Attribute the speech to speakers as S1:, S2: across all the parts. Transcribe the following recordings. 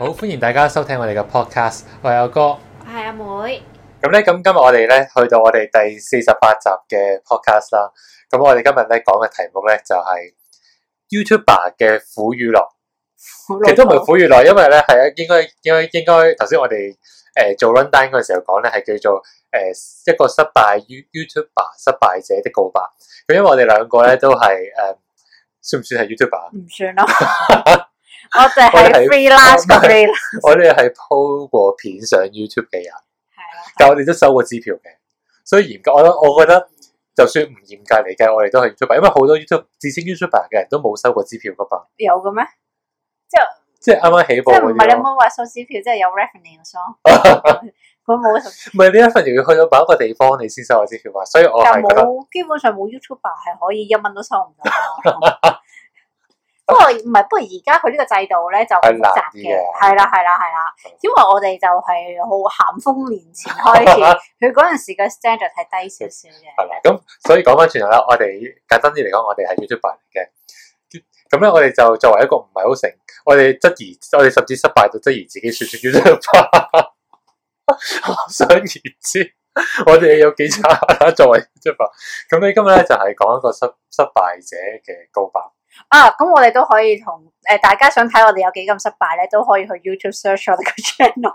S1: 好，歡迎大家收聽我哋嘅 podcast。我係阿哥，
S2: 係阿、啊、妹。
S1: 咁咧，咁今日我哋咧去到我哋第四十八集嘅 podcast 啦。咁我哋今日咧講嘅題目咧就係、是、YouTuber 嘅苦與樂。其實都唔係苦與樂，因為咧係啊，應該應該應該頭先我哋誒、呃、做 run down 嗰陣時候講咧係叫做誒、呃、一個失敗 YouTuber 失敗者的告白。咁因為我哋兩個咧都係誒、呃、算唔算係 YouTuber？
S2: 唔算啦。 我哋係 free
S1: 啦，free 啦。 是我哋係鋪過片上 YouTube 嘅人，係咯。但我哋都收過支票嘅，所以嚴格，我我覺得就算唔嚴格嚟計，我哋都係 YouTuber，因為好多 YouTube 自稱 YouTuber 嘅人都冇收過支票噶噃。有嘅
S2: 咩？
S1: 即係即係啱啱起步嗰啲唔係你有
S2: 冇話
S1: 收支票？即係 有 revenue 咯。佢冇。唔係呢一份，要去到某一個地方你先收我支票嘛？所以我冇，基本上冇
S2: YouTuber 係可以一蚊都收唔到。 不過唔係，不過而家佢呢個制度咧就好複雜嘅，係啦係啦係啦，因為我哋就係好咸豐年前開始，佢嗰陣時個 standard 就係低少少
S1: 嘅。係啦， 咁所以講翻轉頭啦，我哋簡單啲嚟講，我哋係 YouTuber 嚟嘅，咁咧我哋就作為一個唔係好成，我哋質疑，我哋甚至失敗到質疑自己說說 YouTuber。 可想而知，我哋有幾差作為 YouTuber，咁你今日咧就係、是、講一個失失敗者嘅告白。
S2: 啊，咁我哋都可以同誒、呃、大家想睇我哋有幾咁失敗咧，都可以去 YouTube search 我哋個 channel。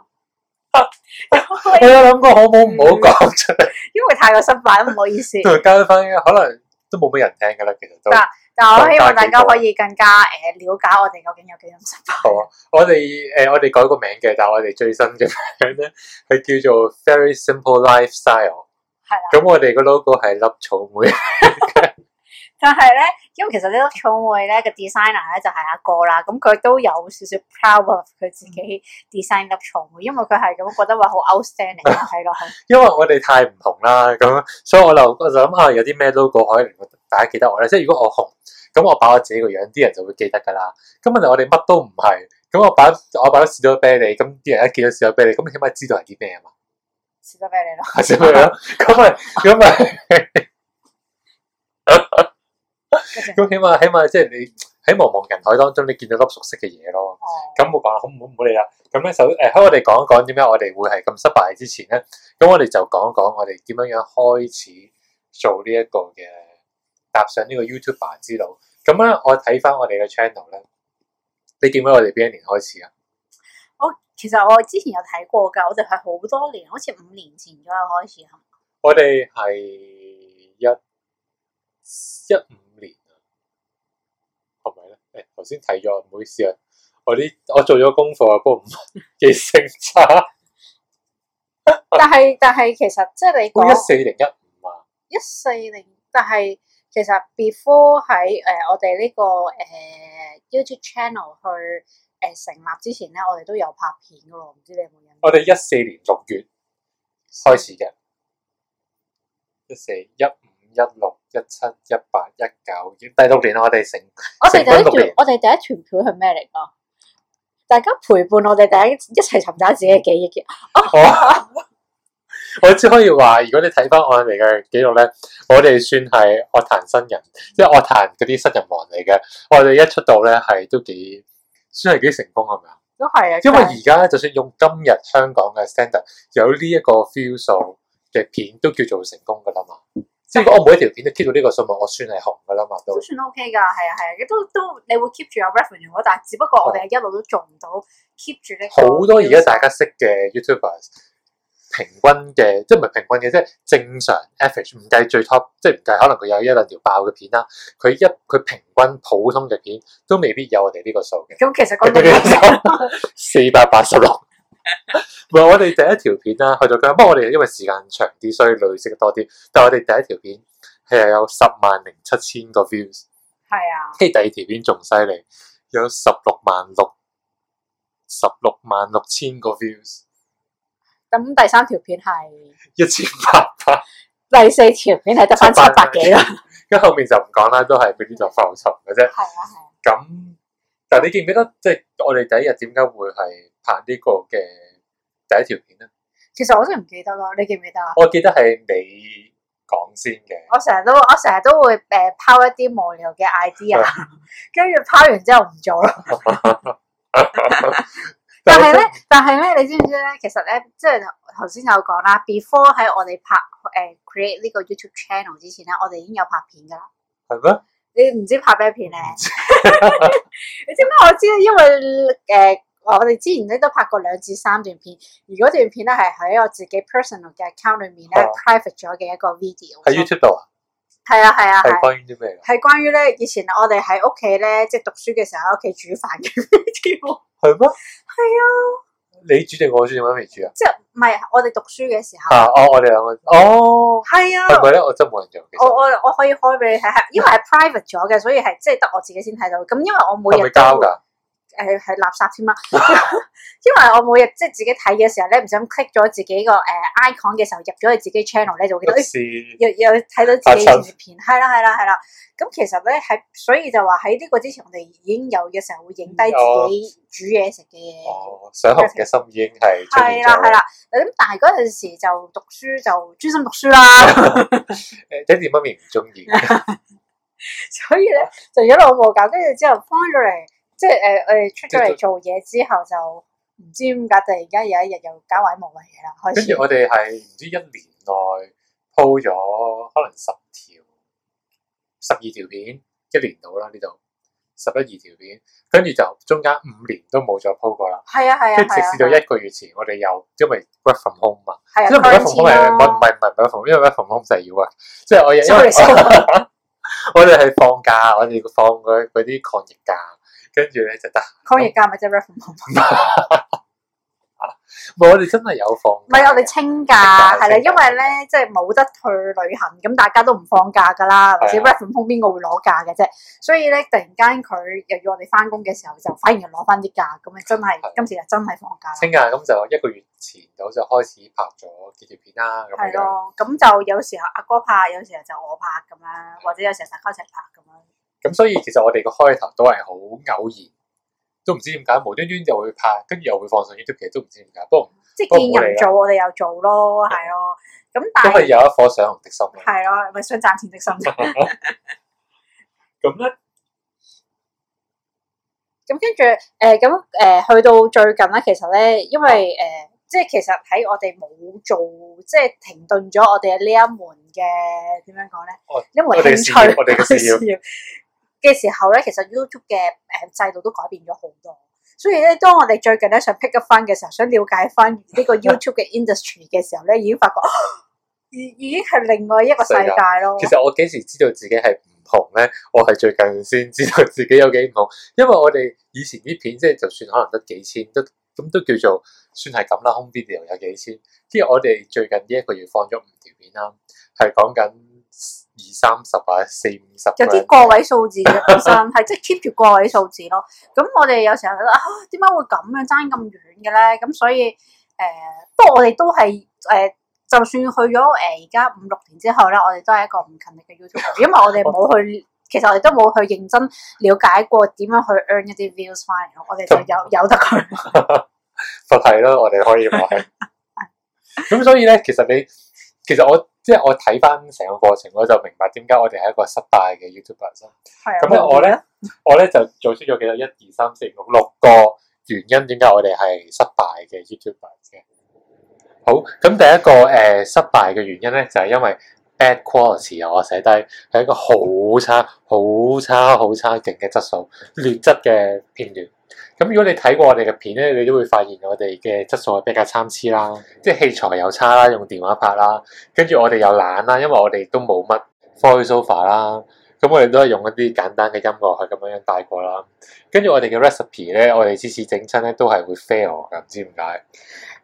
S1: 你 有諗過好唔好唔好講、嗯、出
S2: 嚟，因為太過失敗都唔好意思。
S1: 加翻可能都冇咩人聽噶啦，其實都。但係我希望大家可以
S2: 更加誒了解我哋究竟有幾咁失
S1: 敗。我哋誒、呃、我哋改個名嘅，但係我哋最新嘅名咧係叫做 Very Simple Lifestyle 的。係啦。咁我哋個 logo 係粒草莓。
S2: 但係咧，因為其實呢粒草莓咧個 designer 咧就係阿哥啦，咁佢都有少少 proud 佢自己 design 粒草莓，因為佢係咁覺得話好 outstanding 係咯係。
S1: 因為我哋太唔紅啦，咁所以我就我就諗下有啲咩 logo 可以大家記得我咧，即係如果我紅，咁我擺我自己個樣，啲人就會記得噶啦。咁問題我哋乜都唔係，咁我擺我擺啲士多啤梨，咁啲人一見到士多啤梨，咁你起碼知道係啲咩啊嘛。士多啤梨咯。咁咪咁咪。咁起碼起碼，起碼即係你喺茫茫人海當中，你見到粒熟悉嘅嘢咯。咁冇辦法，好唔好唔好理啦。咁咧就誒，喺、啊呃、我哋講一講點解我哋會係咁失敗之前咧。咁我哋就講一講我哋點樣樣開始做呢一個嘅踏上呢個 YouTuber 之路。咁、嗯、咧、啊，我睇翻我哋嘅 channel 咧，你記唔記得我哋邊一年開始啊？
S2: 我其實我之前有睇過噶，我哋係好多年，好似五年前左右開始行。是是
S1: 我哋係一一,一誒，頭先、哎、提咗，唔好意思不不， 啊，我啲我做咗功課啊，不過唔記性差。
S2: 但係但係其實即係你講一
S1: 四零一五啊，
S2: 一四零，但係其實 before 喺誒、呃、我哋呢、這個誒、呃、YouTube channel 去誒、呃、成立之前咧，我哋都有拍片噶咯，唔知你有冇印
S1: 象？我哋一四年六月開始嘅一四一五。是一六一七一八一九，已經第六年啦。我哋成
S2: 我哋第一團，我哋第一團票係咩嚟噶？大家陪伴我哋，大家一齊尋找自己嘅記憶嘅。我、哦、
S1: 我只可以話，如果你睇翻我哋嘅記錄咧，我哋算係樂壇新人，嗯、即係樂壇嗰啲新人王嚟嘅。我哋一出道咧，係都幾算係幾成功，係咪啊？都係啊，因為而家對就算用今日香港嘅 standard，有呢一個 feel 數嘅片，都叫做成功噶啦嘛。即係我每一條片都 keep 到呢個數目，我算係紅噶啦嘛都。都算
S2: O K 噶，係啊係啊，亦都都你會 keep 住有 revenue 嘅，但係只不過我哋係一路都做唔到 keep 住呢。好多而家大
S1: 家識嘅 YouTuber 平均嘅，即係唔係平均嘅，即係正常 average 唔計最 top，即係唔計可能佢有一兩條爆嘅片啦，佢一佢平均普通嘅片都未必有我哋呢個數嘅。
S2: 咁其實講到
S1: 呢個數，四百八十六。唔係，我哋第一條片啦，去到今日。不過我哋因為時間長啲，所以累積多啲。但係我哋第一條片係有十萬零七千個 views，
S2: 係啊。跟住第二
S1: 條片仲犀利，有十六萬六十六萬六千個 views。
S2: 咁第三條片係一千八百，第四條片係得翻七百幾
S1: 啦。跟後面就唔講啦，都係俾啲就浮沉嘅啫。係啊係。咁，但係你記唔記得，即係我哋第一日點解會係？拍呢個嘅第一條片咧，
S2: 其實我真係唔記得咯，你記唔記得啊？
S1: 我記得係你講先嘅。
S2: 我成日都我成日都會誒拋一啲無聊嘅 idea，跟住拋完之後唔做咯。但係咧，但係咧，你知唔知咧？其實咧，即係頭先有講啦。Before 喺我哋拍誒、uh, create 呢個 YouTube channel 之前咧，我哋已經有拍片噶啦。
S1: 係
S2: 咩嗎？你唔知拍咩片咧？ 你知唔知？ 知我知，因為誒。我哋之前咧都拍過兩至三段片，而嗰段片咧係喺我自己 personal 嘅 account 裏面咧、啊、private 咗嘅一個 video 喺 YouTube 度啊，係啊係啊，係
S1: 關於啲咩噶？
S2: 係關於咧以前我哋喺屋企咧即係讀書嘅時候喺屋企煮飯嘅 video，係咩？
S1: 係嗎啊，你煮定我煮定，就是，我未煮啊？即係
S2: 唔係我哋讀書嘅時
S1: 候哦，我哋兩個哦，
S2: 係啊，唔係咧
S1: 我真冇
S2: 人用嘅。我我我可以開俾你睇下，因為係 private 咗嘅，所以係即係得我自己先睇到。咁因為我每日都是是交噶。誒係垃圾添啦， 因為我每日即係自己睇嘅時候咧，唔想 click 咗自己個誒 icon 嘅時候入咗去自己 channel 咧，就會見到誒，又又睇到自己片，係啦係啦係啦。咁其實咧喺，所以就話喺呢個之前，我哋已經有嘅時候會影低自己煮嘢食嘅。嘢、嗯。
S1: 哦，想學嘅心已經係。係啦係啦，
S2: 咁但係嗰陣時就讀書就專心讀書啦。
S1: 誒， 爹地媽咪唔中意，
S2: 所以咧就一路冇搞，跟住之後返咗嚟。即係誒，我、呃、哋、呃、出咗嚟做嘢之後就唔知點解，就而家有一日又搞埋冇乜嘢啦。開始跟住我
S1: 哋係唔知一年內鋪咗可能十條、十二條片，一年到啦呢度十一二條片，跟住就中間五年都冇再鋪過啦。係啊係啊，啊即直至到一個月前，啊、我哋又因為 work from home 嘛，即係而家 from home 唔係唔係唔係 from，因為 from home 就係要啊，即係我因我哋係放假，我哋放佢啲抗疫假。跟住咧就得，抗疫
S2: 假咪即係 Reference，
S1: 唔係我哋真係有放，
S2: 唔係我哋清假係啦，因為咧即係冇得去旅行，咁大家都唔放假噶啦，或者 Reference 邊個會攞假嘅啫，所以咧突然間佢又要我哋翻工嘅時候，就反而又攞翻啲假，咁咪真係今次啊真係放假
S1: 清假，咁就一個月前就好似開始拍咗幾條片啦，係咯，
S2: 咁就有時候阿哥拍，有時候就我拍咁啦，或者有時候大家一齊拍咁樣。
S1: 咁所以，其實我哋個開頭都係好偶然，都唔知點解無端端就會拍，跟住又會放上 YouTube，其實都唔知點解。不過即係見人做，我
S2: 哋又做咯，係咯。咁但係都係有
S1: 一顆想紅的心，係
S2: 咯，係咪想賺錢的心。
S1: 咁咧，
S2: 咁跟住誒，咁誒去到最近咧，其實咧，因為誒，即係其實喺我哋冇做，即係停頓咗我哋呢一門嘅點樣講咧？一門興趣。嘅時候咧，其實 YouTube 嘅誒制度都改變咗好多，所以咧，當我哋最近咧想 pick up 翻嘅時候，想了解翻呢個 YouTube 嘅 industry 嘅時候咧，已經發覺已、哦、已經係另外一個世界咯。其實
S1: 我幾時知道自己係唔同咧？我係最近先知道自己有幾唔同，因為我哋以前啲片即係就算可能得幾千，都咁都叫做算係咁啦。空邊又有幾千？啲我哋最近呢一個月放咗五條片啦，係講緊，二三十啊，四五十，有啲個
S2: 位數字嘅，本身係即係 keep 住個位數字咯。咁我哋有時候覺得啊，點解會咁樣爭咁遠嘅咧？咁所以誒，不過我哋都係誒，就算去咗誒，而家五六年之後咧，我哋都係一個唔勤力嘅 YouTuber，因為我哋冇去，其實我哋都冇去認真了解過點樣去 earn 一啲 views 翻嚟，我哋就有有得
S1: 佢。佛係咯，我哋可以話係。咁所以咧，其實你，其實我。即係我睇翻成個過程，我就明白點解我哋係一個失敗嘅 YouTuber 啦。係啊。咁咧我咧， 我咧就做出咗幾多一二三四五六六個原因，點解我哋係失敗嘅 YouTuber 嘅？好，咁第一個誒、呃、失敗嘅原因咧，就係、是、因為 bad quality，我寫低係一個好差、好差、好差勁嘅質素、劣質嘅片段。咁如果你睇過我哋嘅片咧，你都會發現我哋嘅質素係比較參差啦，即係器材又差啦，用電話拍啦，跟住我哋又懶啦，因為我哋都冇乜 four sofa 啦，咁我哋都係用一啲簡單嘅音樂去咁樣樣帶過啦，跟住我哋嘅 recipe 咧，我哋次次整親咧都係會 fail 噶，唔知點解。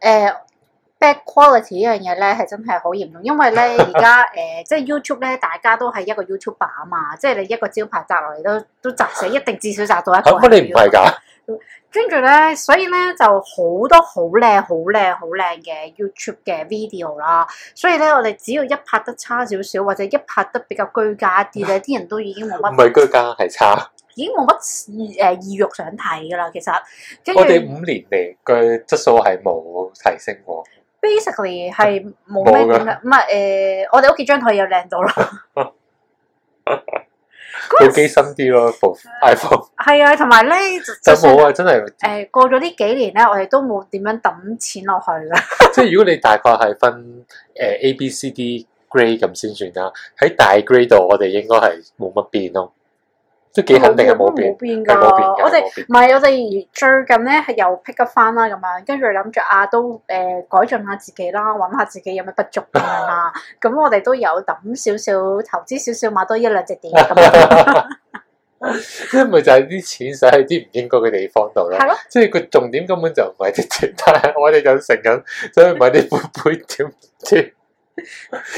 S2: 誒，bad quality 呢樣嘢咧係真係好嚴重，因為咧而家誒即係 YouTube 咧，大家都係一個 YouTuber 啊嘛，即係你一個招牌摘落嚟都都砸死，一定至少砸到
S1: 一個，點解、 啊、你唔係噶？
S2: 跟住咧，所以咧就好多好靚、好靚、好靚嘅 YouTube 嘅 video 啦。所以咧，我哋只要一拍得差少少，或者一拍得比較居家啲咧，啲人都已經冇乜。唔係
S1: 居家，係差。
S2: 已經冇乜誒意欲想睇噶啦，其實。我哋五
S1: 年嚟，佢質素係冇提升過。
S2: Basically 係冇咩點啦，唔係誒，我哋屋企張台又靚到
S1: 囉。 好機新啲咯，部 iPhone
S2: 係啊，同埋咧就冇啊，真係誒、呃、過咗呢幾年咧，我哋都冇點樣抌錢落去啦。
S1: 即係如果你大概係分誒 A、B、C、D grade 咁先算啦，喺大 grade 度我哋應該係冇乜變咯。都幾肯定係冇變，係冇變㗎。我哋唔
S2: 係我哋最近咧係又 pick up 翻啦咁樣，跟住諗住啊都誒、呃、改進下自己啦，揾下自己有咩不，不足咁樣啊。咁 我哋都有抌少少投資少少買多一兩隻碟咁
S1: 樣。因 咪 就係啲錢使喺啲唔應該嘅地方度啦。係咯，即係個重點根本就唔係直接，但係我哋就成日走去買啲杯杯碟碟。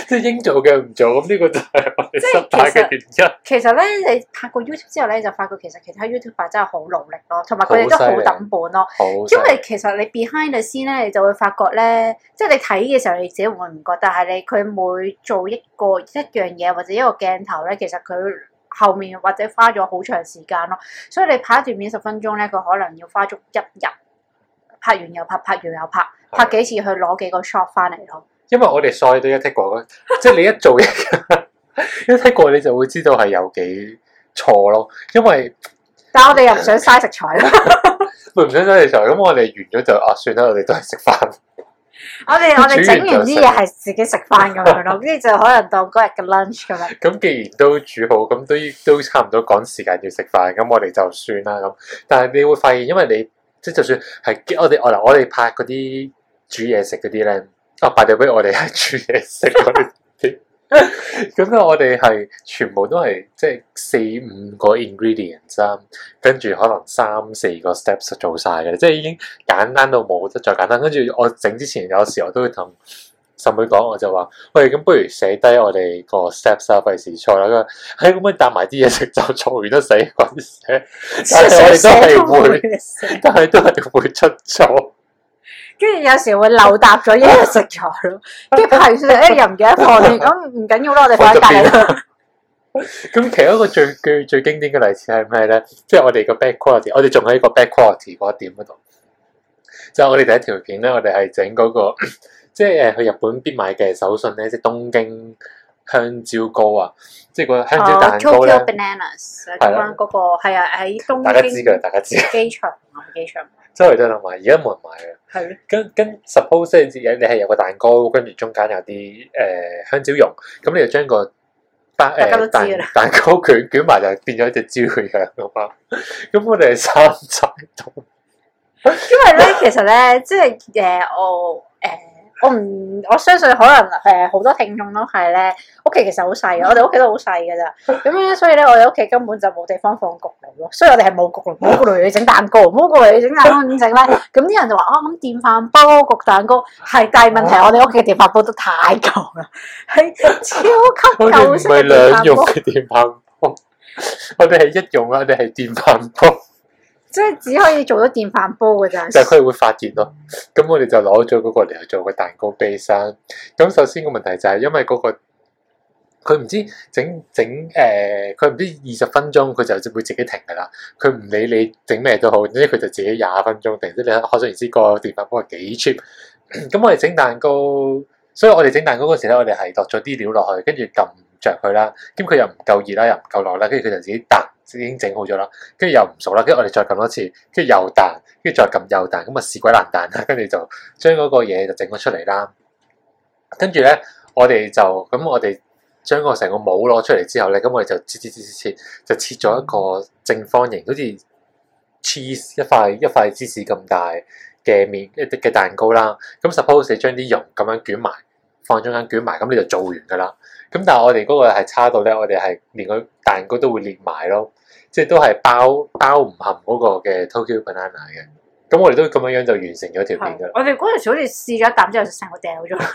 S1: 即係應做嘅唔做，咁、這、呢個就係我哋失敗嘅原因。
S2: 其實咧，你拍過 YouTube 之後咧，你就發覺其實其他 YouTube 真係好努力咯，同埋佢哋都好抌本咯。因為其實你 behind 先咧，你就會發覺咧，即係你睇嘅時候，你自己會唔覺得，但係你佢每做一個一樣嘢或者一個鏡頭咧，其實佢後面或者花咗好長時間咯。所以你拍一段片十分鐘咧，佢可能要花足一日拍完又拍，拍完又拍，拍幾次去攞幾個 shot 翻嚟咯。
S1: 因為我哋所以都一睇過，即係你一做嘢一睇過，你就會知道係有幾錯咯。因為
S2: 但係我哋又唔想嘥食材啦，
S1: 會唔想嘥食材咁，我哋完咗就，啊算啦，我哋都係食飯。我哋我哋整完啲嘢係自己食飯咁
S2: 樣咯，跟住就可能當嗰日嘅 lunch
S1: 咁樣。咁既然都煮好，咁都都差唔多趕時間要食飯，咁我哋就算啦咁。但係你會發現，因為你即係就算係我哋我嗱，我哋拍嗰啲煮嘢食嗰啲咧。啊，by the way，我哋係煮嘢食嗰啲，咁 咧我哋係全部都係即係四五個 ingredient 啫，跟住可能三四個 steps 做晒嘅，即係已經簡單到冇得再簡單。跟住我整之前有時我都會同十妹講，我就話：喂，咁不如寫低我哋個 steps 費事錯啦。咁啊，係可唔可以帶埋啲嘢食就做完都死？我哋寫，但係都係會，但係都係會出錯。
S2: 跟住有時會漏答咗一日食咗咯，跟住排完説，誒又唔記得放，咁唔緊要啦，我哋再
S1: 計啦。咁 其中一個最最最經典嘅例子係咩咧？即係我哋個 back quality，我哋仲喺個 back quality 貨點嗰度，就係我哋第一條片咧，我哋係整嗰個，即係去日本必買嘅手信咧，即係東京。香蕉糕啊，即係個香蕉蛋糕
S2: Bananas，係啦，嗰個係啊，喺東京機場啊，大家知㗎，大
S1: 家知，機場周圍都有買，而家冇人買啊。係咧，跟跟 suppose 即係你係有個蛋糕，跟住中間有啲誒香蕉蓉，咁你就將個蛋蛋糕捲捲埋就變咗隻蕉樣咁包。咁我哋係山寨到，
S2: 因為咧其實咧即係誒我。我唔我相信，可能誒好、呃、多聽眾都係咧，屋企其實好細，我哋屋企都好細㗎咋，咁樣所以咧，我哋屋企根本就冇地方放焗爐咯，所以我哋係冇焗爐，冇焗爐你整蛋糕，冇焗爐你整蛋糕點整咧？咁啲人就話啊，咁、哦、電飯煲焗蛋糕係，大係問題、哦、我哋屋企電飯煲都太舊啦，係超級舊式嘅我哋唔係兩用嘅
S1: 電飯煲，我哋係一用啊，我哋係電飯煲。
S2: 即係只可以做到電飯煲嘅咋，
S1: 就係佢會發熱咯。咁、嗯、我哋就攞咗嗰個嚟做個蛋糕杯身。咁首先個問題就係因為嗰、那個嗰個佢唔知整整誒，佢唔、呃、知二十分鐘佢就會自己停嘅啦。佢唔理你整咩都好，即係佢就自己廿分鐘停。即你可想而知個電飯煲係幾 cheap。咁 我哋整蛋糕，所以我哋整蛋糕嗰時咧，我哋係落咗啲料落去，跟住撳着佢啦。咁佢又唔夠熱啦，又唔夠耐啦，跟住佢就自己彈。已經整好咗啦，跟住又唔熟啦，跟住我哋再撳多次，跟住又彈，跟住再撳又彈，咁啊屎鬼爛彈啦！跟住就將嗰個嘢就整咗出嚟啦。跟住咧，我哋就咁，我哋將個成個模攞出嚟之後咧，咁我哋就切切切切切，就切咗一個正方形，好似 cheese 一塊一塊芝士咁大嘅面一啲嘅蛋糕啦。咁 suppose 你將啲蓉咁樣捲埋，放中間捲埋，咁你就做完㗎啦。咁但係我哋嗰個係差到咧，我哋係連個蛋糕都會裂埋咯。即係都係包包唔含嗰個嘅 Tokyo Banana 嘅，咁我哋都咁樣樣就完成咗條片噶啦。我
S2: 哋嗰陣時好似試咗一啖之後，就成個掉咗。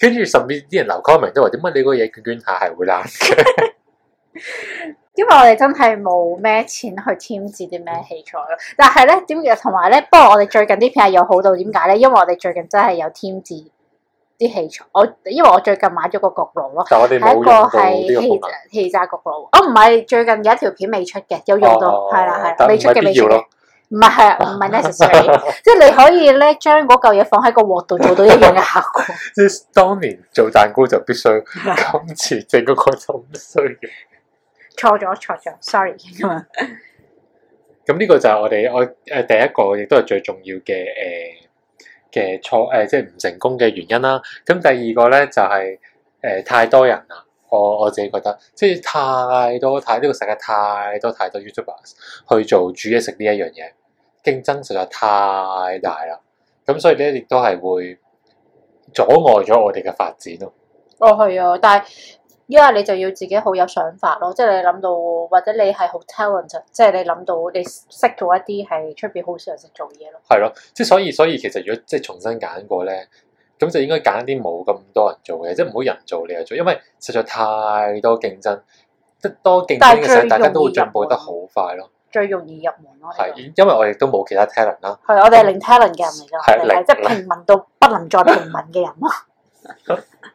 S1: 跟住甚至啲人劉康明都話：點解你個嘢捲捲下係會爛嘅 ？
S2: 因為我哋真係冇咩錢去添置啲咩器材咯。但係咧，點解同埋咧？不過我哋最近啲片係有好到點解咧？因為我哋最近真係有添置。啲器材，我因為我最近買咗個焗爐咯，但我哋係一個係氣氣炸焗爐。我唔係最近有一條片未出嘅，有用到，係啦係啦，未出嘅未出。唔係係啊，唔係 necessary，即係你可以咧將嗰嚿嘢放喺個鑊度
S1: 做到一樣嘅效果。即係當年做蛋糕就必須今次，整個就唔需要。
S2: 錯咗錯咗，sorry 咁
S1: 啊。咁呢個就係我哋我誒第一個，亦都係最重要嘅誒，嘅錯誒、呃，即係唔成功嘅原因啦。咁第二個咧就係、是、誒、呃、太多人啦。我我自己覺得，即係太多太呢個世界太多太多 YouTubers 去做煮嘢食呢一樣嘢，競爭實在太大啦。咁、啊嗯、所以咧亦都係會阻礙咗我哋嘅發展咯。
S2: 哦，係啊，但係。因為你就要自己好有想法咯，即係你諗到，或者你係好 talent，即係你諗到你識做一啲係出邊好少人識做嘢咯。
S1: 係咯，即係所以所以其實如果即係重新揀過咧，咁就應該揀啲冇咁多人做嘅，即係唔好人做你就做，因為實在太多競爭，得多競爭嘅時候大家都會進步得好快咯。
S2: 最容易入門
S1: 咯，係，因為我哋都冇其他 talent 啦。係，
S2: 我哋係零 talent 嘅人嚟噶，係即係平民到不能再平民嘅人咯。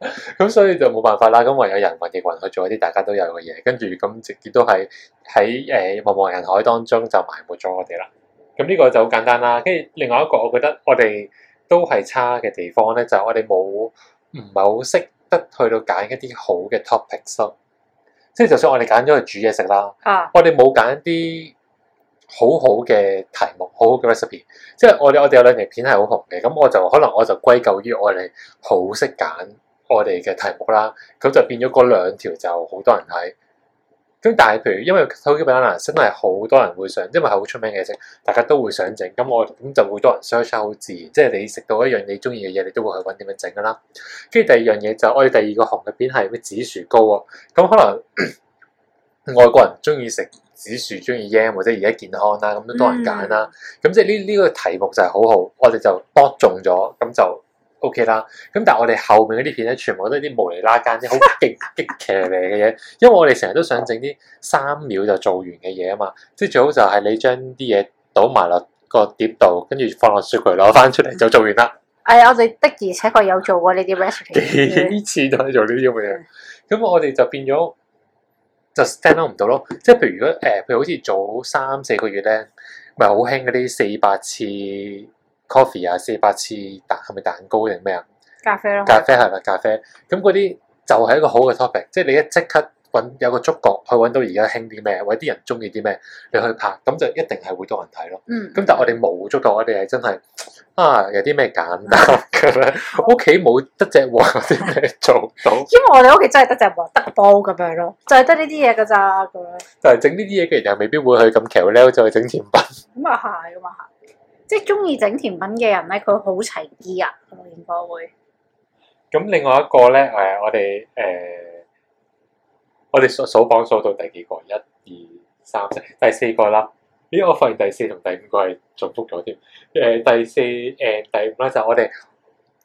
S1: 咁 所以就冇辦法啦。咁唯有人云亦云去做一啲大家都有嘅嘢，跟住咁直接都係喺誒茫茫人海當中就埋沒咗我哋啦。咁呢個就好簡單啦。跟住另外一個，我覺得我哋都係差嘅地方咧，就係、是、我哋冇唔係好識得去到揀一啲好嘅 topics。即係就算我哋揀咗去煮嘢食啦，啊，我哋冇揀一啲好好嘅題目，好好嘅 recipe。即係我哋我哋有兩條片係好紅嘅，咁我就可能我就歸咎於我哋好識揀。我哋嘅題目啦，咁就變咗嗰兩條就好多人睇。咁但係，譬如因為土耳其檸檬色都係好多人會想，因為係好出名嘅色，大家都會想整。咁我咁就會多人相 e 好自然。即係你食到一樣你中意嘅嘢，你都會去揾點樣整噶啦。跟住第二樣嘢就是、我哋第二個行入邊係咩紫薯糕啊、哦。咁可能 外國人中意食紫薯，中意椰或者而家健康啦，咁都多人揀啦。咁即係呢呢個題目就係好好，我哋就多中咗，咁就。O.K. 啦，咁但係我哋後面嗰啲片咧，全部都係啲無厘啦間啲好極激騎嚟嘅嘢，因為我哋成日都想整啲三秒就做完嘅嘢啊嘛，即係最好就係你將啲嘢倒埋落個碟度，跟住放落雪櫃攞翻出嚟就做完啦。
S2: 誒，我哋的而且確有做過呢啲咩？
S1: 幾次就係做呢啲咁嘅嘢，咁、 嗯、我哋就變咗就 stand up 唔到咯。即係譬如如果誒，譬如好似早三四個月咧，咪好興嗰啲四百次。Coffee 啊，四百次蛋係咪蛋糕定咩啊？咖啡
S2: 咯。咖啡
S1: 係啦，吧咖啡咁嗰啲就係一個好嘅 topic，即係你一即刻揾有個觸角去揾到而家興啲咩，或者啲人中意啲咩，你去拍咁就一定係會多人睇咯。嗯。咁但係我哋冇觸角，我哋係真係啊有啲咩簡單㗎咧？屋企冇得隻鑊啲咩做到？
S2: 因為我哋屋企真係得隻鑊得煲咁樣咯，就係得呢啲嘢㗎咋咁。
S1: 就係整呢啲嘢，跟住又未必會去咁巧叻去整甜品。
S2: 咁啊係，咁啊係。即係中意整甜品嘅人咧，佢好齊意啊！同見過會。
S1: 咁另外一個咧，誒，我哋誒、呃，我哋數數榜數到第幾個？一、二、三、四，第四個啦。咦，我發現第四同第五個係重複咗添。誒、呃，第四誒、呃，第五咧就我哋誒、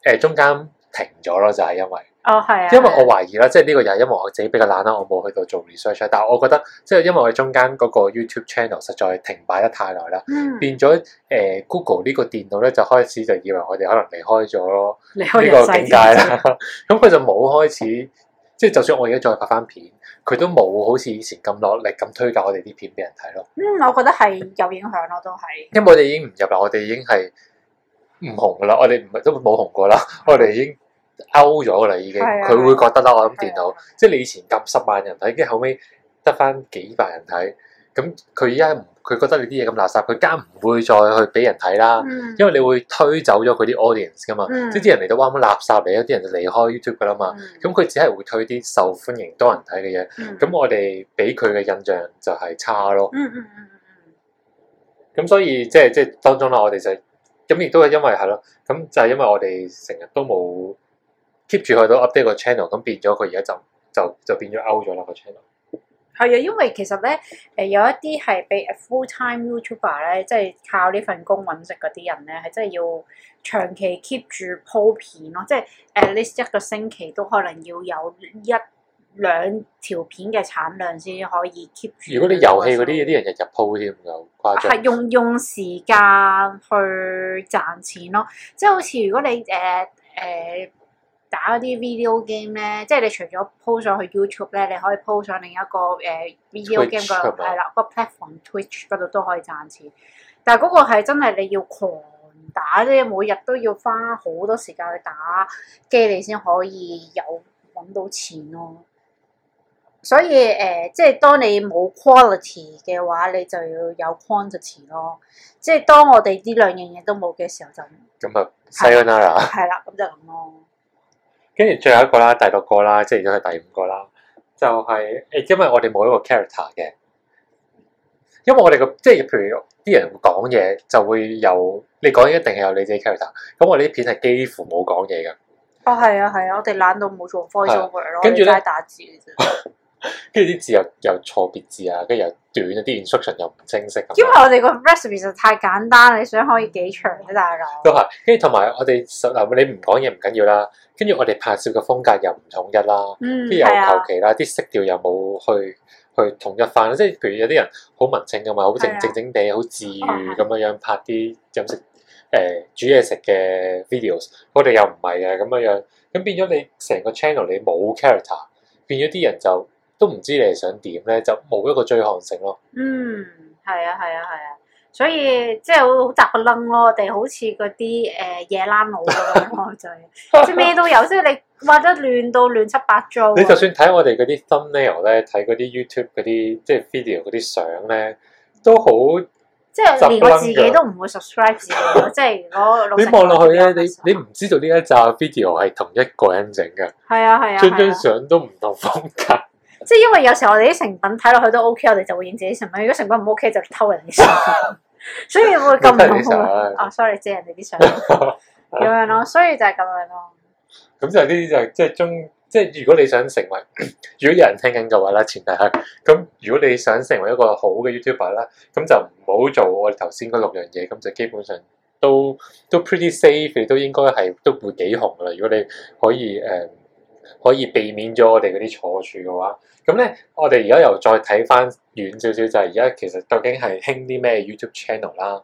S1: 呃、中間停咗咯，就係、是、因為。哦，係啊。因為我懷疑啦，即係呢個又係因為我自己比較懶啦，我冇去到做 research。但係我覺得，即、就、係、是、因為我哋中間嗰個 YouTube channel 實在停擺得太耐啦，嗯、變咗誒、呃、Google 呢個電腦咧就開始就以為我哋可能離開咗咯，離開呢個境界啦。咁佢就冇開始，即係就算我而家再拍翻片，佢都冇好似以前咁落力咁推介我哋啲片俾人睇咯。嗯，
S2: 我覺得係有影響咯，都
S1: 係。因為我哋已經唔入啦，我哋已經係唔紅噶啦，我哋唔係都冇紅過啦，我哋已經。嗯 勾咗噶啦，已經佢、啊、會覺得啦。我諗電腦，啊、即係你以前吸十萬人睇，跟住後尾得翻幾百人睇，咁佢而家唔，佢覺得你啲嘢咁垃圾，佢加唔會再去俾人睇啦。嗯、因為你會推走咗佢啲 audience 噶嘛，嗯、即係啲人嚟到哇垃圾嚟，咁啲人就離開 YouTube 噶啦嘛。咁佢、嗯、只係會推啲受歡迎多人睇嘅嘢。咁、嗯、我哋俾佢嘅印象就係差咯。咁、嗯、所以即係即係當中啦，我哋就咁亦都係因為係咯，咁就係因為我哋成日都冇 keep 住去到 update 個 channel，咁變咗佢而家就就就變咗 out 咗啦個 channel。
S2: 係啊，因為其實咧誒、呃、有一啲係被 full time YouTuber 咧，即係靠呢份工搵食嗰啲人咧，係真係要長期 keep 住鋪片咯，即係 at least 一個星期都可能要有一兩條片嘅產量先可以 keep 住。如果你遊戲嗰
S1: 啲啲人日日鋪添就誇張係、啊、用
S2: 用時間去賺錢咯，即係好似如果你誒誒。呃呃打嗰啲 video game 咧，即係你除咗 po 上去 YouTube 咧，你可以 po 上另一個誒、uh, video game 嗰度，係啦，個 platform Twitch 嗰度都可以賺錢。但係嗰個係真係你要狂打啫，每日都要花好多時間去打機，你先可以有揾到錢咯。所以誒、呃，即係當你冇 quality 嘅話，你就要有 quantity 咯。即係當我哋呢兩樣嘢都冇嘅時候就，就
S1: 咁啊 s e l 啊，係
S2: 啦吧，咁就咁咯。
S1: 跟住最後一個啦，第六個啦，即係而家係第五個啦，就係、是、誒，因為我哋冇一個 character 嘅，因為我哋個即係譬如啲人講嘢就會有，你講嘢一定係有你自己 character，咁我哋啲片係幾乎冇講嘢噶。
S2: 哦，係啊，係啊，我哋懶到冇做 voiceover 囉跟住都係打字嘅啫。
S1: 跟住啲字又錯別字又錯別字啊，跟住又短，啲 instruction 又唔清晰。因為我
S2: 哋個 recipe 就太簡單，你想可以幾長都、啊、大家
S1: 都係跟住同埋我哋實你唔講嘢唔緊要啦。跟住我哋拍攝嘅風格又唔統一啦，跟住、嗯、又求其啦，啲色調又冇去去統一化，即係譬如有啲人好文靜㗎嘛，好靜靜靜地，好治癒咁、啊呃、樣樣拍啲飲食誒煮嘢食嘅 videos。我哋又唔係啊咁樣樣咁變咗你成個 channel 你冇 character，變咗啲人就。Water, 都唔知你係想點咧，就冇一個追項性咯。嗯，
S2: 係啊，係啊，係啊，所以即係好雜崩冷咯，呃、Runner, 我哋好似嗰啲誒夜冷舖咁樣就係，即係咩都有，即係你畫得亂到亂七八糟。參與你就
S1: 算睇我哋嗰啲 thumbnail 咧，睇嗰啲 YouTube 嗰啲即係、就是、video 嗰啲相咧，都好即係連我自己都唔
S2: 會 subscribe 自己，即係我你望落去
S1: 咧，你呢呢你唔知道呢一集 video 係同一個人整㗎，係啊係
S2: 啊，張張
S1: 相都唔同風格。
S2: 因為有時候我哋啲成品睇落去都 O、OK, K，我哋就會影自己啲成品。如果成品唔 O K，就偷人哋
S1: 啲相，
S2: 所以會咁唔好。啊、oh,，sorry，借人哋啲相，咁 樣咯。所以就係咁樣
S1: 咯。咁就係呢啲就係即係中，即、就、係、是、如果你想成為，如果有人聽緊嘅話咧，前提係咁，如果你想成為一個好嘅 YouTuber 啦，咁就唔好做我哋頭先嗰六樣嘢，咁就基本上都都 pretty safe，都應該係都會幾紅噶啦。如果你可以誒。嗯可以避免咗我哋嗰啲錯處嘅話，咁咧我哋而家又再睇翻遠少少，就係而家其實究竟係興啲咩 YouTube channel 啦。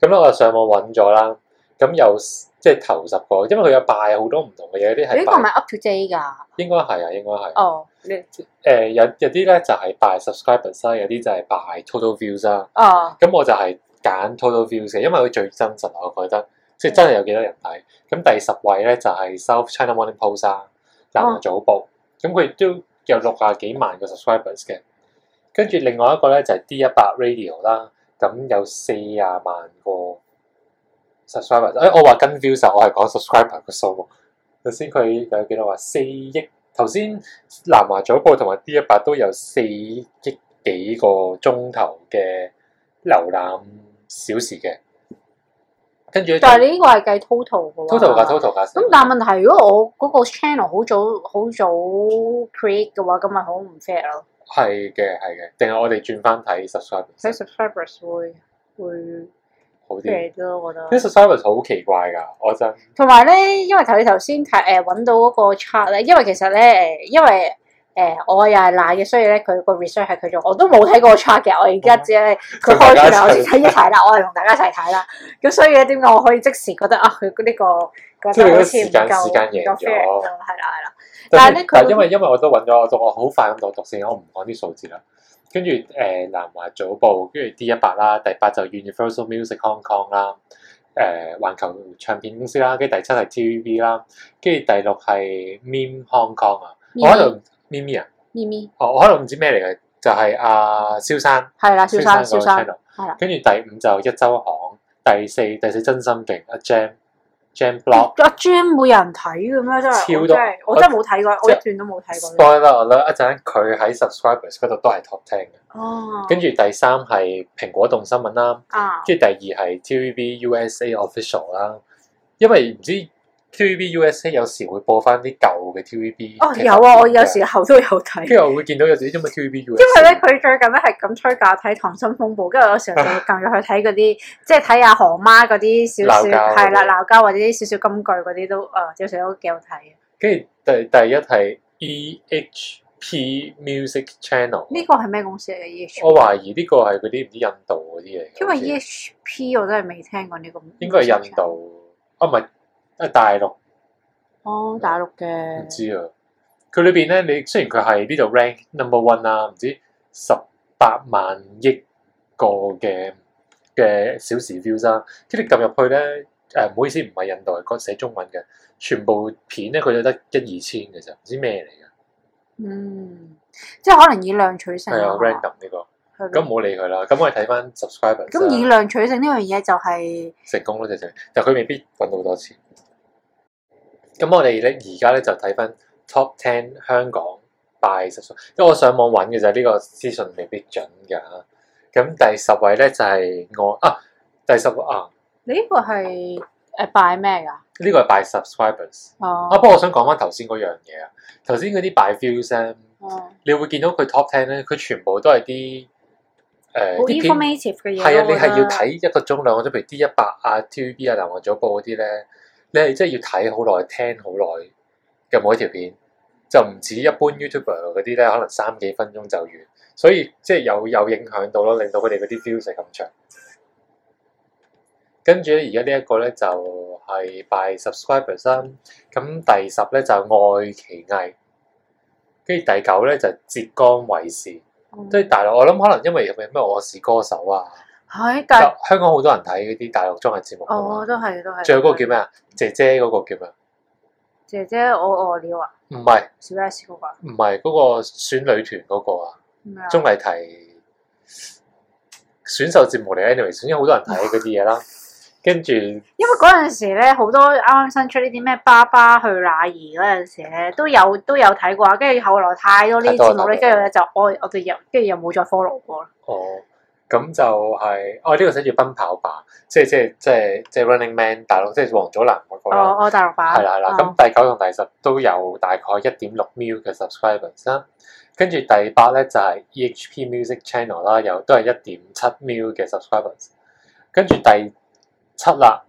S1: 咁咧我就上網揾咗啦，咁有即係頭十個，因為佢有拜好多唔同嘅嘢，啲係。應該
S2: 唔係 up to date 㗎，
S1: 應該係啊，應該係哦。你有有啲咧就係拜 subscribers 啦，有啲就係、是、拜 total views 啦。哦，咁我就係揀 total views，因為佢最真實我覺得即係真係有幾多人睇。咁第十位咧就係、是、South China Morning Post 啊。南華早報，咁佢都有六廿幾萬個 subscribers 嘅，跟住另外一個咧就係 D 一百 radio 啦，咁有四廿萬個 subscribers。誒，我話跟 views 我係講 subscriber 嘅數目。頭先佢有幾多話四億？頭先南華早報同埋 D 一百都有四億幾個鐘頭嘅瀏覽小時嘅。但係
S2: 你呢個係計 total 嘅喎，total 架 total 架。咁但係問題，如果我嗰個 channel 好早好早 create 嘅話，咁咪好唔 fair
S1: 咯。係嘅係嘅，定係我哋轉翻睇 subscribers，
S2: 睇 subscribers 會會好啲
S1: ？fit 咯，我覺得。啲 subscribers 好奇怪㗎，我真。
S2: 同埋咧，因為頭你頭先睇誒揾到嗰個 chart 咧，因為其實咧誒，因為。誒、欸，我又係懶嘅，所以咧佢個 research 係佢做，我都冇睇過個 chart 嘅。嗯、我而家只係佢開出嚟，我先睇一睇啦。我係同大家一齊睇啦。咁 所以咧點解我可以即時覺得啊，佢、這、呢個即係、這個、時間夠時間贏咗，係
S1: 啦係啦。但係是呢，佢，因為他因為我都揾咗我好快咁度讀先，我唔講啲數字啦。跟住誒，南華早報，跟住 D 一百啦，第八就 Universal Music Hong Kong 啦、呃，誒環球唱片公司啦，跟住第七係 TVB 啦，跟住第六係 Meme Hong Kong 啊、mm.，我喺度。咪咪啊！咪咪哦，我可能唔知咩嚟嘅，就係阿蕭生。
S2: 係啦，蕭生嗰個 channel 係啦。
S1: 跟住第五就一周行，第四第四真心勁阿 Jam Jam Block。
S2: 阿 Jam 會有人睇嘅咩？真係超多，我真係冇睇過，我一段都冇睇過。
S1: Spoiler alert！一陣佢喺 Subscribers 嗰度都係 Top Ten 嘅。哦。跟住第三係蘋果動新聞啦，跟住第二係 TVB USA Official 啦。因為唔知 TVB USA 有時會播翻啲舊。T.V.B. 哦，有啊，我有時候都有睇。跟住我會見到有自己咁嘅 T.V.B. 因為
S2: 咧，佢最近咧係咁吹架睇《溏心風暴》，跟住有時候就撳入去睇嗰啲，即係睇阿何媽嗰啲少少係啦，鬧交或者啲少少金句嗰啲都啊，有時都幾好睇。跟
S1: 住第第一題 E.H.P.Music Channel
S2: 呢個係咩公司嚟嘅？e h 我
S1: 懷疑呢個係嗰啲唔知印度嗰啲嘢。因
S2: 為 E.H.P. 我真係未聽過呢個。應該係
S1: 印度啊？唔係，係大陸。
S2: 哦，大陸嘅。唔
S1: 知啊，佢裏邊咧，你雖然佢係呢度 rank number one 啊，唔知十八萬億個嘅嘅小時 views 即、啊、你撳入去咧，誒、呃、唔好意思，唔係印度，係個寫中文嘅，全部片咧佢就得一二千嘅啫，唔知咩嚟嘅。嗯，
S2: 即係可能以量取勝、啊。係啊 random 呢個，咁唔
S1: 好理佢啦。咁我哋睇翻 subscribers 咁以
S2: 量取勝呢樣嘢就係、是、
S1: 成功咯，就係、是，但佢未必揾到好多錢。咁我哋咧而家咧就睇翻 Top Ten 香港拜十 s u 因為我上網揾嘅就係呢個資訊未必準㗎。咁第十位咧就係我啊，第十位啊個
S2: 啊。你呢個係誒 b 咩㗎？
S1: 呢個係拜 subscribers。哦。啊，不過我想講翻頭先嗰樣嘢啊，頭先嗰啲 by views 啊，哦、你會見到佢 Top Ten 咧，佢全部都係啲誒啲嘅
S2: 嘢。係、呃、啊,啊，你係要睇
S1: 一個鐘兩個鐘，譬如 D 一百啊、TVB 啊、南華組播嗰啲咧。你係即係要睇好耐、聽好耐嘅每一條片，就唔似一般 YouTube 嗰啲咧，可能三幾分鐘就完，所以即係有有影響到咯，令到佢哋嗰啲 f e e l s 咁長。跟住咧，而家呢一個咧就係、是、by subscribers 咁第十咧就是、愛奇藝，跟住第九咧就是、浙江衞視，即係、嗯、大陸。我諗可能因為有咩我是歌手啊。喺香港好多人睇嗰啲大陸綜藝節目，哦，
S2: 都係都係。仲有嗰
S1: 個叫咩啊？姐姐嗰個叫咩？
S2: 姐姐，我餓了啊！
S1: 唔係是，
S2: 小 S 嗰個。
S1: 唔係嗰個選女團嗰個啊，綜藝麼題選秀節目嚟，anyways， 著因為好多人睇嗰啲嘢啦，跟住。
S2: 因為嗰陣時咧，好多啱啱新出呢啲咩《爸爸去哪兒》嗰陣時咧，都有都有睇過啊。跟住後來太多呢啲節目咧，跟住咧就我我哋又跟住又冇再 follow 過咯。哦。
S1: 咁就係、是，哦，呢、這個寫住奔跑吧，即係即係即係即係 Running Man 大陸，即係王祖藍嗰個哦，大
S2: 陸版。係啦係啦，咁、哦嗯、第
S1: 九同第十都有大概一點六 M 嘅 subscribers 啦。跟住第八咧就係、是、EHP Music Channel 啦，又都係一點七 M 嘅 subscribers。跟住第七啦，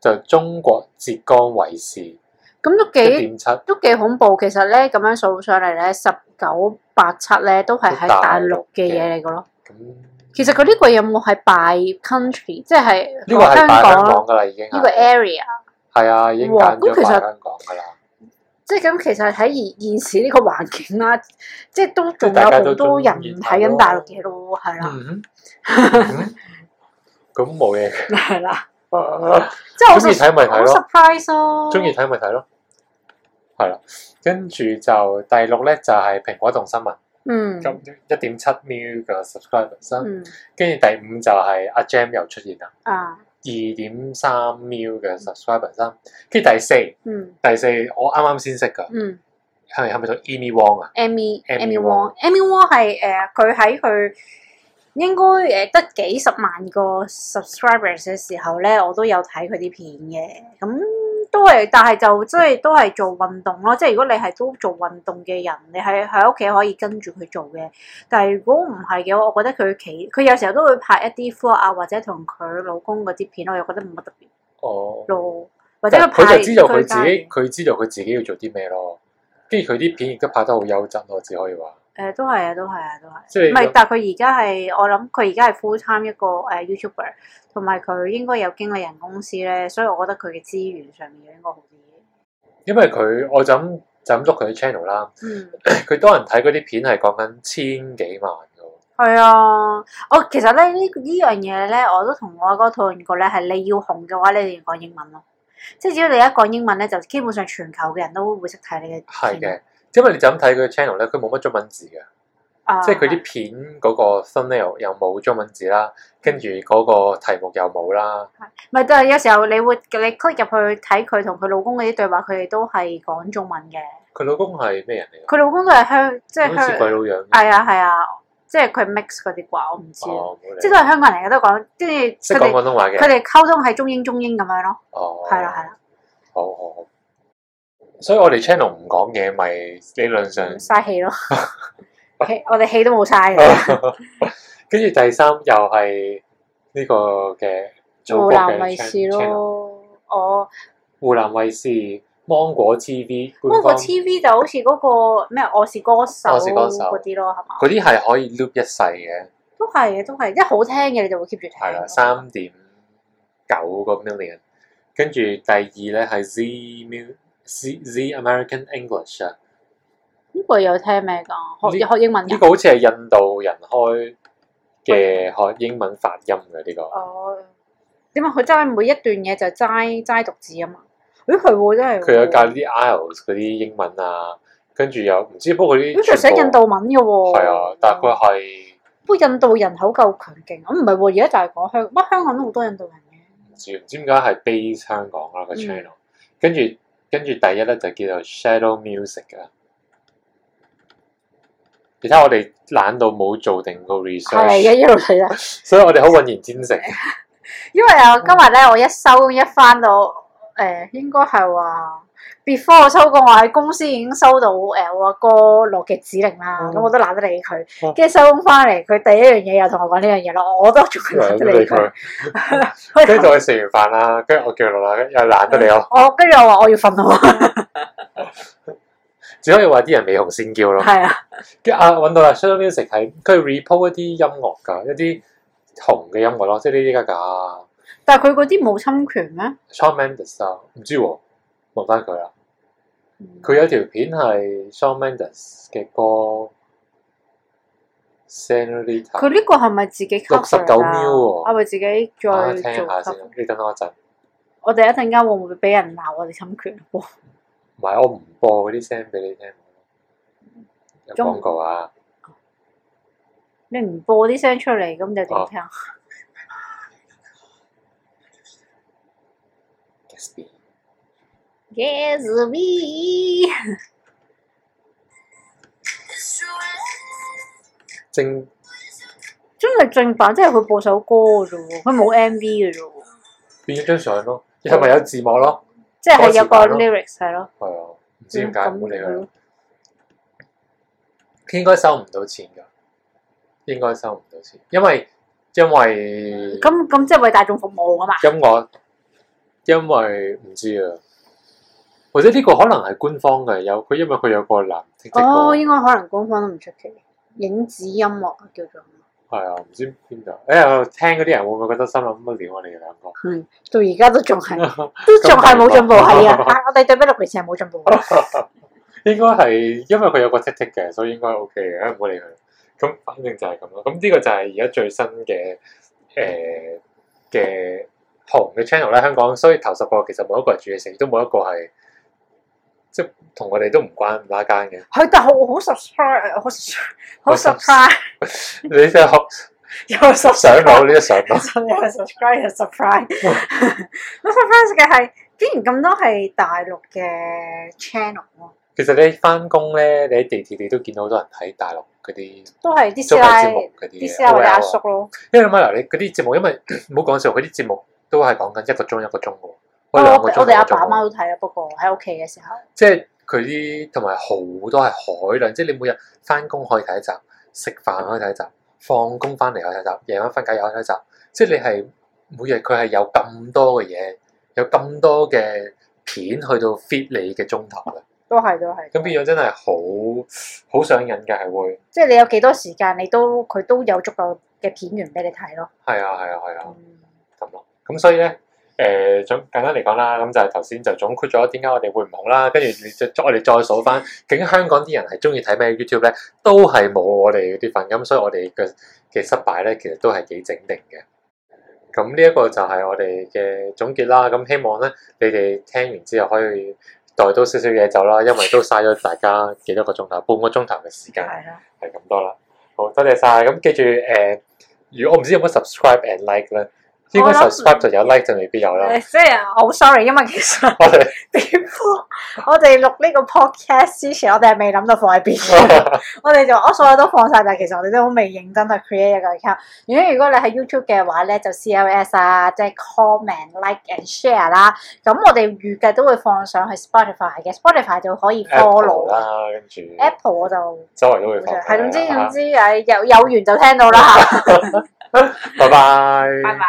S1: 就是、中國浙江衛視。
S2: 咁都幾 1. 7, 都幾恐怖，其實咧咁樣數上嚟咧，十九八七咧都係喺大陸嘅嘢嚟嘅咯。.其實佢呢個有冇係 by country，即係喺香港啦？呢個，個 area
S1: 係啊，已經咁其實香港噶啦。
S2: 即係咁，其實喺現現時呢個環境啦，即係都仲有好多人睇緊大陸嘅咯，係啦
S1: 嗯。咁冇嘢，係啦。即係 我中意睇咪
S2: 睇咯，中意睇
S1: 咪睇咯，係啦、啊嗯。跟住就第六咧，就係蘋果動新聞。嗯，咁一點七秒，mm、嘅 subscriber 三，嗯，跟住第五就係阿 Jam 又出現啦，啊二點三秒嘅 subscriber 三，跟住，mm 嗯，第四，
S2: 嗯，
S1: 第四我啱啱先識噶，係咪係咪叫 Amy Wong 啊
S2: Wong？Amy Amy Wong，Amy Wong 係誒，佢喺佢應該誒得幾十萬個 subscribers 嘅時候咧，我都有睇佢啲片嘅，咁。都係，但係就即係都係做運動咯。即係如果你係都做運動嘅人，你喺喺屋企可以跟住佢做嘅。但係如果唔係嘅，我覺得佢企佢有時候都會拍一啲 vlog 啊或者同佢老公嗰啲片，我又覺得冇乜特別。
S1: 哦。路
S2: 或者佢就知道佢自己，
S1: 佢知道佢自，自己要做啲咩咯。跟住佢啲片亦都拍得好優質咯，我只可以話。
S2: 誒、嗯、都係啊，都係啊，都係、啊。唔係，是但係佢而家係，我諗佢而家係 full time 一個誒、uh, YouTuber，同埋佢應該有經理人公司咧，所以我覺得佢嘅資源上面應該好啲。
S1: 因為佢我就咁就咁捉佢啲 channel 啦，佢、嗯、多人睇嗰啲片係講緊千幾萬㗎喎。
S2: 係、嗯、啊，我、哦、其實咧呢、這個這個、樣呢樣嘢咧，我都同我阿哥討論過咧，係你要紅嘅話，你就要講英文咯。即係只要你一講英文咧，就基本上全球嘅人都會識睇你嘅。
S1: 係嘅。因為你就咁睇佢 channel 咧，佢冇乜中文字嘅，即係佢啲片嗰個 thumbnail 又冇中文字啦，跟住嗰個題目又冇啦。
S2: 唔係，但係有時候你會你 click 入去睇佢同佢老公嗰啲對話，佢哋都係講中文嘅。
S1: 佢老公係咩人嚟？
S2: 佢老公都係香，即係好似鬼佬樣。係啊係啊，即係佢 mix 嗰啲啩，我唔知。即係都係香港人嚟嘅，都講即係講廣東話嘅。佢哋溝通係中英中英咁樣咯。
S1: 哦。係啦係啦。好好好。所以我哋 channel 唔講嘢，咪、就是、理論上
S2: 嘥、嗯、氣咯。 我哋氣都冇嘥嘅。
S1: 跟 住 第三又係呢個嘅、哦、湖南衞視咯。哦，湖南衞視、芒果 TV、芒果 TV
S2: 就好似嗰、那個咩我,我是歌手、歌手嗰啲咯，係嘛？
S1: 嗰啲係可以 loop 一世嘅，
S2: 都係嘅，都係即係好聽嘅，你就會 keep 住聽。係啦，
S1: 三點九個 million，跟住第二咧係 Z Mill。The American English 啊，
S2: 呢個有聽咩噶？
S1: 學這學英文呢個好似係印度人開嘅學英文發音嘅呢、這個哦。
S2: 點解佢齋每一段嘢就齋齋讀字啊嘛？咦係喎，真係佢、哦、有教啲
S1: IELTS 嗰啲英文啊，跟住又唔知。不過啲佢仲寫印度
S2: 文嘅喎、哦，係啊。
S1: 但係佢係
S2: 不過印度人口夠強勁，唔係喎。而家、哦、就係講香乜香港都好多印度人嘅。
S1: 唔知唔知點解係 base 香港啊。那個 channel，、嗯、跟住。跟住第一咧就叫做 Shadow Music 啊！其他我哋懶到冇做定個 research，係啊一路係啊，所以我哋好渾然天成，
S2: 因為啊，今日咧我一收一翻到誒、呃，應該係話。Before 我收過，我喺公司已經收到誒我阿哥，哥羅嘅指令啦，咁我、嗯、都懶得理佢。跟住收工翻嚟，佢第一樣嘢又同我講呢樣嘢咯，我都仲佢，懶得理佢。
S1: 跟住就去食完飯啦，跟住 我叫落嚟，又懶得理、嗯、 我。
S2: 我跟住我話我要瞓喎。
S1: 只可以話啲人未紅先叫咯。係啊。跟阿揾到啊，Shamansic 係佢 repo 一啲音樂㗎，一啲紅嘅音樂咯，即係呢啲㗎㗎。
S2: 但係佢嗰啲冇侵權咩
S1: ？Commander 唔知喎。望翻佢啦，佢、嗯、有條片係 Shawn Mendes 嘅歌《Señorita》。佢呢
S2: 個係咪自己六十九秒喎、哦？係咪自己再做？啊、聽下先，
S1: 你等多陣、啊。
S2: 我哋一陣間會唔會俾人鬧我哋侵權？
S1: 唔係，我唔播嗰啲聲俾你聽。有廣告啊！
S2: 你唔播啲聲出嚟，咁就點聽？Yes, me。正真係正版，即係佢播首歌嘅啫喎，佢冇 MV 嘅啫喎，
S1: 變咗張相咯，係咪有字幕咯？即係有個 lyrics 係咯，係啊，唔知點解唔理佢咯。應該收唔到錢噶，應該收唔到錢，因為因為咁
S2: 咁即係為大眾服務啊嘛。
S1: 音樂因為唔知啊。或者呢個可能係官方嘅，有佢因為佢有個藍剔嘅。哦，
S2: 應該可能官方都唔出奇。影子音樂叫做
S1: 係啊，唔知邊度。哎呀，聽嗰啲人會唔會覺得心諗乜料？我哋兩個，嗯，
S2: 到而家都仲係 都
S1: 仲係冇進步係啊！但
S2: 我哋對比六年前係冇進步。
S1: 應該係因為佢有個 tick tick 嘅，所以應該 OK 嘅，唔好理佢。咁反正就係咁咯。咁呢個就係而家最新嘅誒嘅紅嘅 channel 咧。香港所以頭十個其實冇一個係煮嘢食，都冇一個係。即係同我哋都唔關唔拉嘅。
S2: 佢但係我好 surprise，好 surprise。
S1: 你真係好有 surprise。上到呢，上到。
S2: 有 surprise，有 surprise。我 surprise 嘅係竟然咁多係大陸嘅
S1: channel 喎。其實你返工咧，你喺地鐵你都見到好多人喺大陸嗰啲綜藝節目嗰啲嘅，都係阿叔咯。因為點解嗱？你嗰啲節目，因為唔好講笑，佢啲節目都係講緊一個鐘一個鐘㗎喎。我哋阿爸阿媽都
S2: 睇啊，不過喺屋企嘅時候。
S1: 即係佢啲同埋好多係海量，即係你每日翻工可以睇一集，食飯可以睇一集，放工翻嚟可以睇一集，夜晚瞓覺又可以睇一集。即係你係每日佢係有咁多嘅嘢，有咁多嘅片去到 fit 你嘅鐘頭嘅。
S2: 都係都係。
S1: 咁變咗真係好好上癮嘅，係會。
S2: 即係你有幾多時間，你都佢都有足夠嘅片源俾你睇咯。
S1: 係啊係啊係啊。咁咯、啊，咁、啊啊啊嗯、所以咧。誒、呃、總簡單嚟講啦，咁就係頭先就總括咗點解我哋會唔好啦，跟住我哋再，再數返，究竟香港啲人係鍾意睇咩 YouTube 咧，都係冇我哋啲份金，所以我哋嘅嘅失敗咧，其實都係幾整定嘅。咁呢一個就係我哋嘅總結啦。咁希望咧，你哋聽完之後可以袋到少少嘢走啦，因為都嘥咗大家幾多個鐘頭，半個鐘頭嘅時間係啦，係咁多啦。好多謝晒。咁記住誒、呃，如果我唔知有冇 subscribe and like 咧。應該 subscribe 就有，like
S2: 就未必有啦。即係我好 sorry，因為其實我哋我哋錄呢個 podcast 之前，我哋係未諗到放喺邊嘅。我哋就我所有都放晒，但係其實我哋都好未認真去 create 一個 account。如果如果你喺 YouTube 嘅話咧，就 CLS 啊，即係 comment、like and share 啦。咁我哋預計都會放上去 Spotify 嘅，Spotify 就可以 follow 啦。
S1: 跟住
S2: Apple 我就周
S1: 圍都會係，總之總之，
S2: 唉，有有緣就聽到啦。
S1: 拜拜。拜
S2: 拜。